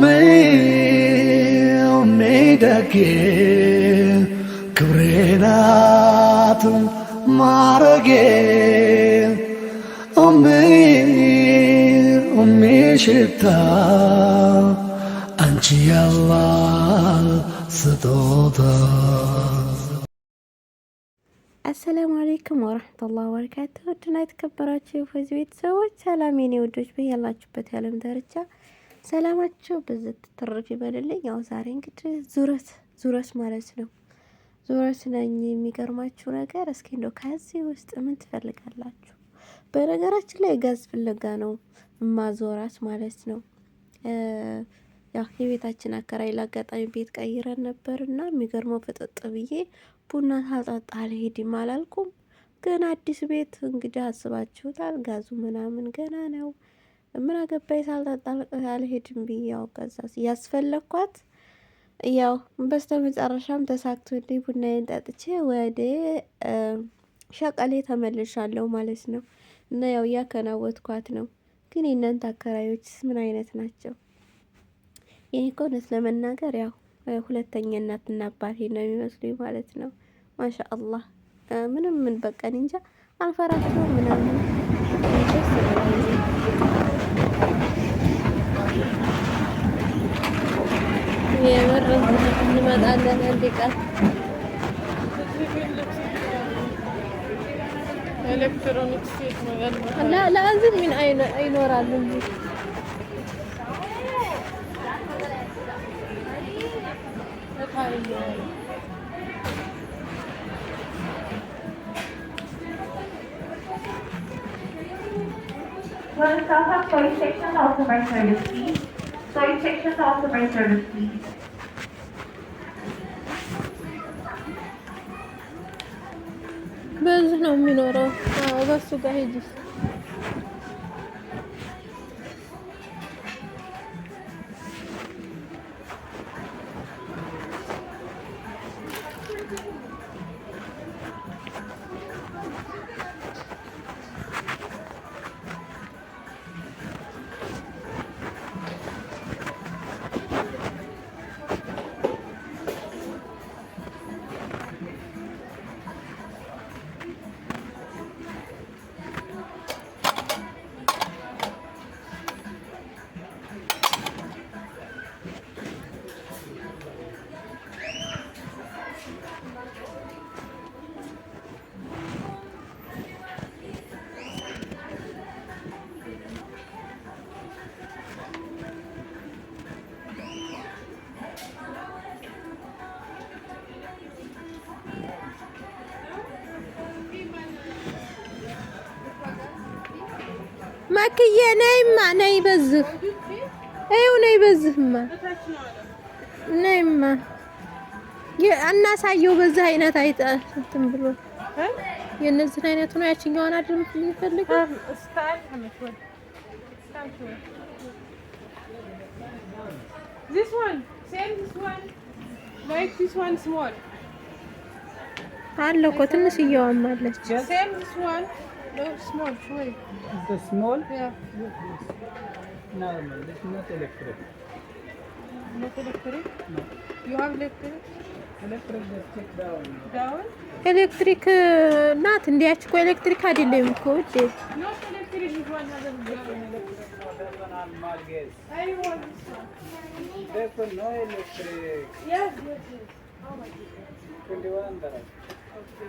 me, omega que ክብሬናት ማረጌ ኦሜ ኦሜ ሽታ አንቺ ስጦታ አሰላሙ አሌይኩም ወረህመቱላህ ወበረካቱሁ። ውድና የተከበራችሁ የፎዚ ቤተሰቦች ሰላም የኔ ውዶች፣ በያላችሁበት የዓለም ዳርቻ ሰላማቸው ብዝት ትርፍ ይበልልኝ። ያው ዛሬ እንግዲህ ዙረት ዙረት ማለት ነው ዙረት ነኝ። የሚገርማችሁ ነገር እስኪ እንደው ከዚህ ውስጥ ምን ትፈልጋላችሁ? በነገራችን ላይ ጋዝ ፍለጋ ነው ማዞራት ማለት ነው። ያው የቤታችን አከራይ ለአጋጣሚ ቤት ቀይረን ነበር እና የሚገርመው ፍጥጥ ብዬ ቡና ሳልጠጣ አልሄድም አላልኩም። ግን አዲስ ቤት እንግዲህ አስባችሁታል። ጋዙ ምናምን ገና ነው። ምን አገባኝ ሳልጣጣል አልሄድም ብዬ ያው ከዛ ያስፈለግኳት ያው በስተ መጨረሻም ተሳክቶልኝ ቡናዬን ጠጥቼ ወደ ሸቀሌ ተመልሻለሁ ማለት ነው። እና ያው እያከናወትኳት ነው። ግን የእናንተ አከራዮችስ ምን አይነት ናቸው? የኔ እኮ እውነት ለመናገር ያው ሁለተኛ እናትና አባቴ ነው የሚመስሉኝ ማለት ነው። ማሻ አላህ ምንም ምን በቀን እንጃ አልፈራቸው ምናምን የምር እንመጣለን አንድ ቀን ኤሌክትሮኒክስ ለአዝም ምን ይኖራሉ እንጂ Well, it's also 46 and also by 36. So you take this off to my service, não minora, ነው የሚኖረው። በሱ ጋር መክዬ ነይማ ነይ በዝህ ይኸው ነይ በዝህማ ነይማ እናሳየው። በዚህ አይነት አይጣ እንትን ብሎ የእነዚህን አይነቱ ነው ያችኛዋን አይደል የምትፈልገው? አለ እኮ ትንሽዬዋም አለች No, small, Is It's small? Yeah. Yes, Normal, it's not electric. Not electric? No. You have electric? Electric is take down. Down? ኤሌክትሪክ ናት እንዲያች እኮ ኤሌክትሪክ አይደለም እኮ ውዴ። Okay.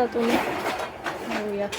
እየተቆራረጡ ነው።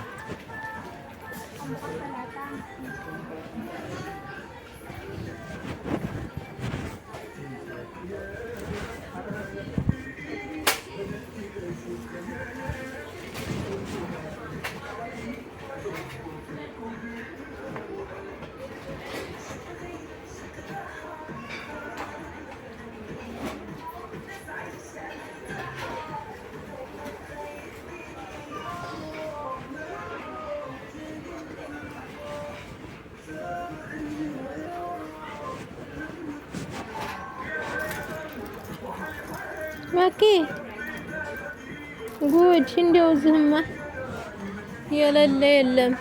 ማኬ ጉድ! እንደው ዝህማ የሌለ የለም።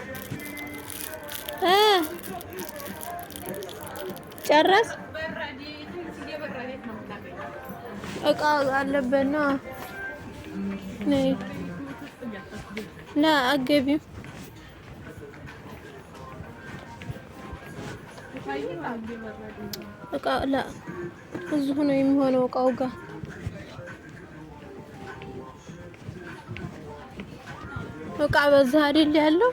ጨረስ እቃ አለበት ነው ና አገቢም እቃ ላ እዚሁ ነው የሚሆነው እቃው ጋር እቃ በዛ አይደል ያለው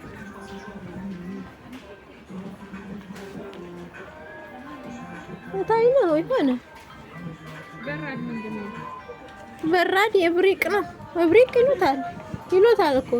ታይ ነው ይሆነ በራድ የብሪቅ ነው ብሪቅ ይሉታል ይሉታል እኮ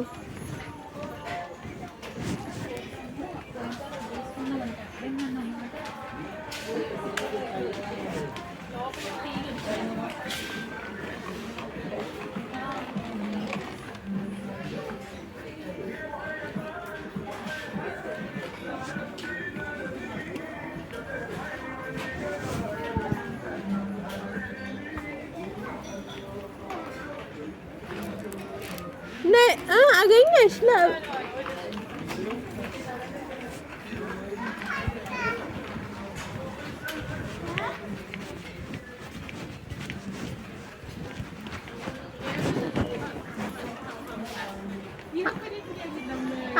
much love.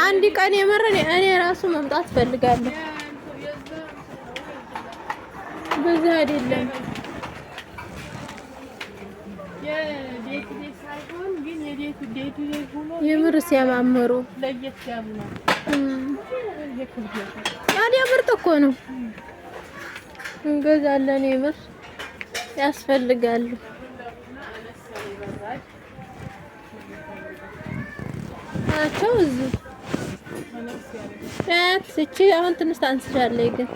አንድ ቀን የምር እኔ ራሱ መምጣት ፈልጋለሁ። በዛ አይደለም ሲያምር ሲያማምሩ ለየት ያሉ ምርጥ እኮ ነው። እንገዛለን። የምር ያስፈልጋሉ። ናቸው እዚህ እቺ አሁን ትንሽ ታንስሻለች፣ ግን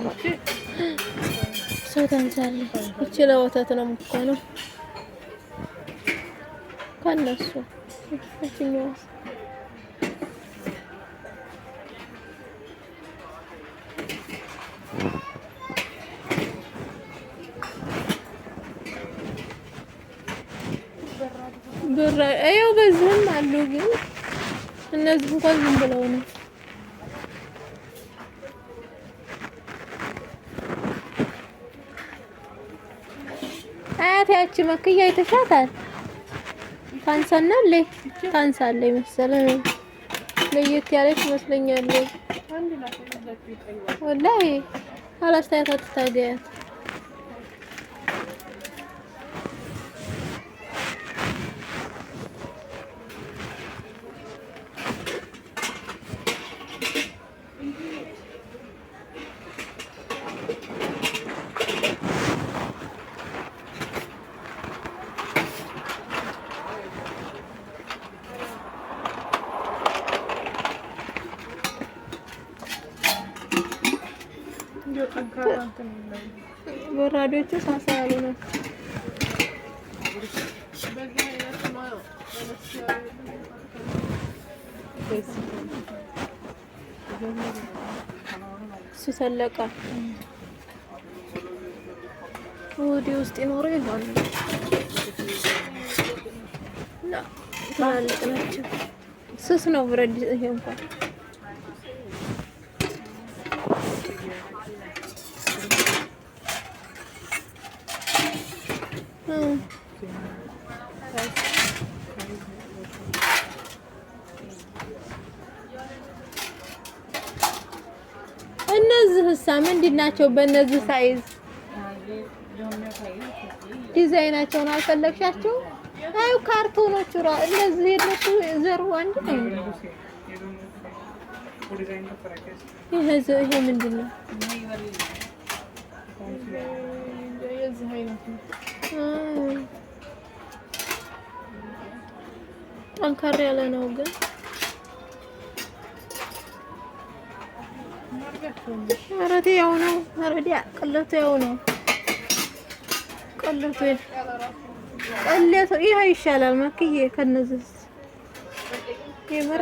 ሰው ታንሳለች። እቺ ለወተት ነው ከነሱ ያው በዚህም አሉ፣ ግን እነዚህ እንኳን ዝም ብለው ነው። አያት ያቺ መክያ ይተሻታል። ታንሳናለች ታንሳለች መሰለኝ ለየት ያለች ይመስለኛል። ወላሂ አላስታያት አትታገያት ወራዶቹ ሳሳ ያሉ ናቸው። እሱ ሰለቃ ወዲ ውስጥ ይኖረ ይሆን ትላልቅ ናቸው። ስስ ነው ብረት ይሄ እንኳን እነዚህ እሳ ምንድን ናቸው? በእነዚህ ሳይዝ ዲዛይናቸውን አልፈለግሻቸው? አዩ ካርቶኖቹ ራ እነዚህ የነሱ ዘሩ አንድ ነው። ይሄ ይሄ ምንድን ነው? ጠንካራ ያለ ነው ግን ረቴ ያው ነው። ረዲ ቅለቱ ያው ነው። ቅለቱ ቅለቱ ይሄ ይሻላል መክዬ ከነዚህ የምር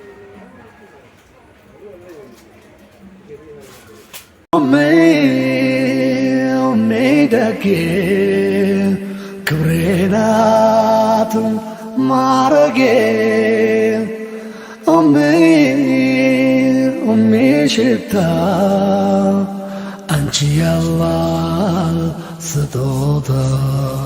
ሜሜደጌ ክብሬናት ማረጌ ሜ ሜ ሽታ አንቺ ያላ ስጦታ